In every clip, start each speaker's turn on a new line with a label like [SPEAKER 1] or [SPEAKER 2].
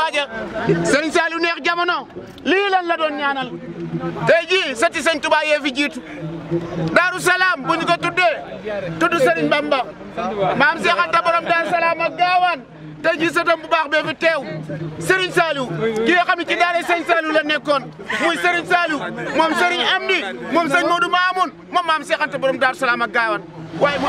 [SPEAKER 1] Fadial Serigne Saliou neex jamono lii lan la doon ñaanal tey jii sëti Serigne Touba yee fi jiitu Daaru bu ñu ko tuddee tudd Serigne Bamba maam Cheikh Anta borom Daaru Salaam ak gaawaan tey bu baax bee fi teew Serigne Saliou ki nga xam ne ci daara Serigne Saliou la nekkoon muy Serigne Saliou moom Serigne Amdi moom Serigne Modou Mamoun moom maam Cheikh borom Daaru Salaam ak gaawaan waaye mu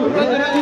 [SPEAKER 1] Brasil!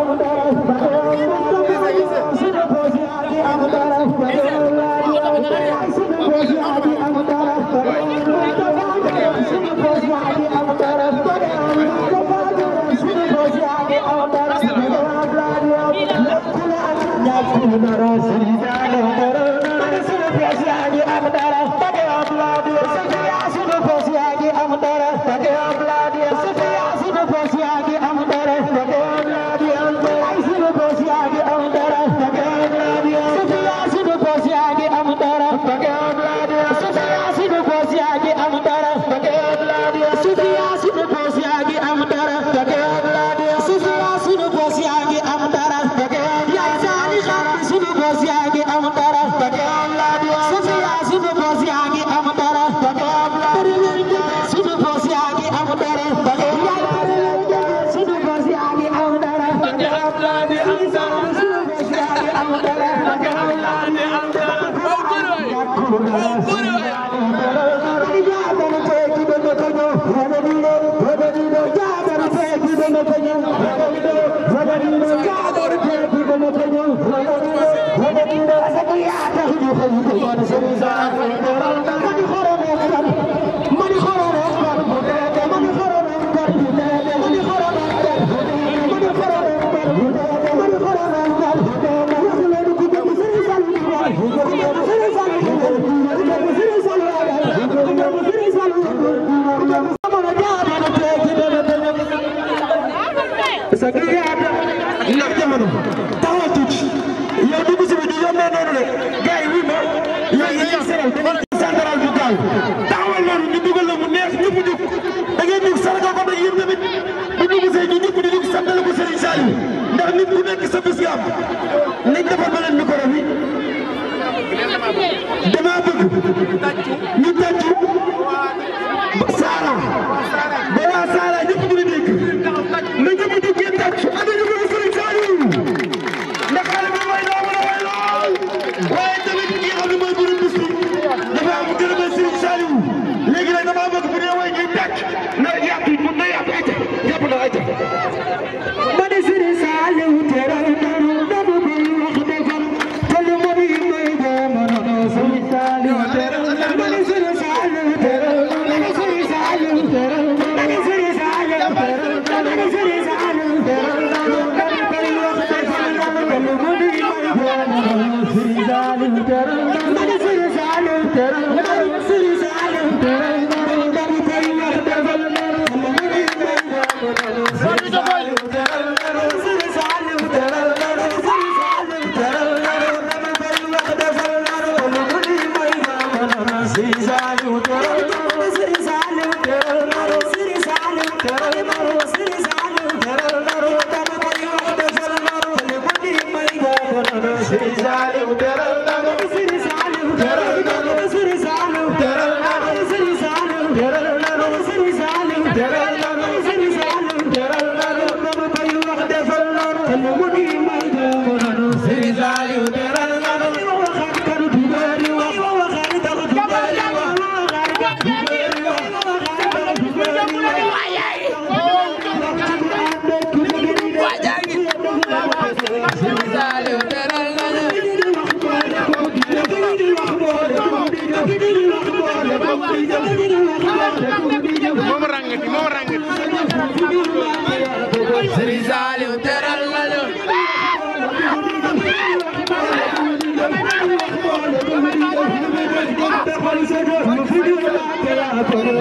[SPEAKER 1] Thank you. sa kii yaa ngi ndax jamono taxawal tuuti yow dugg si bi du yi wii ma yow yi ñu seral dañuy central noonu ñu dugal la mu neex ñëpp jóg da ngeen jóg sargal ko nag yéen tamit bu dugg see ñu ñëpp di jóg santale ko Serigne Saliou ndax nit ku nekk sa bis nga am nañ defar beneen micro bi bëgg. Sorry, Obrigado.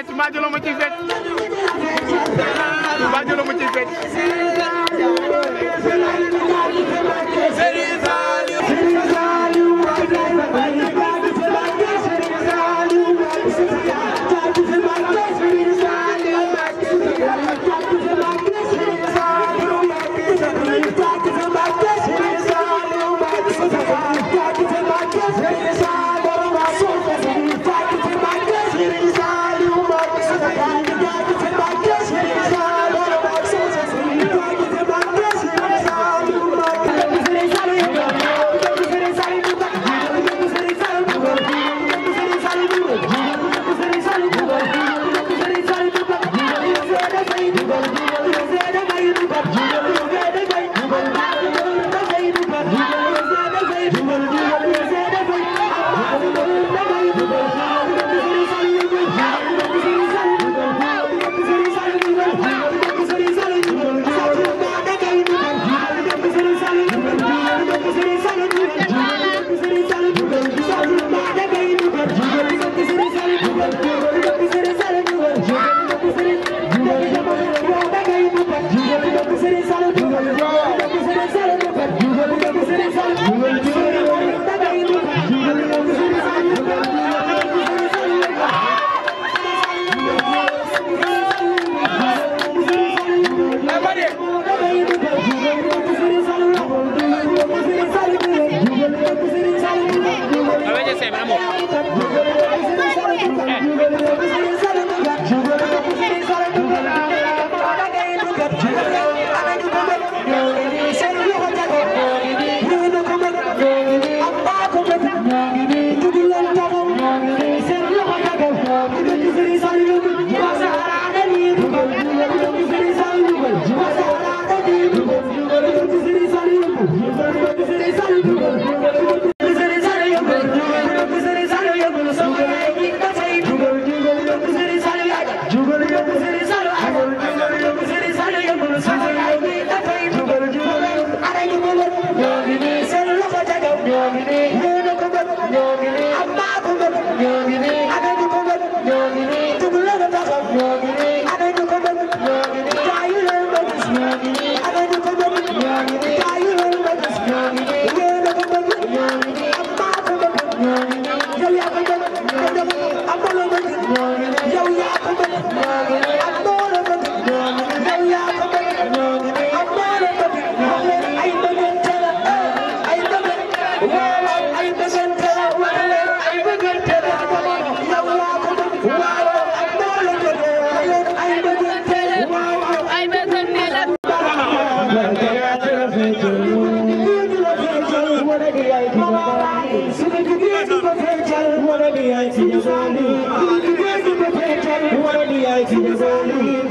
[SPEAKER 1] fecc mbaa jëloo ma ciy fecc mbaa jëloo ma ciy fecc di ay ci jabali di ko feccal wala di ay ci jabali suñu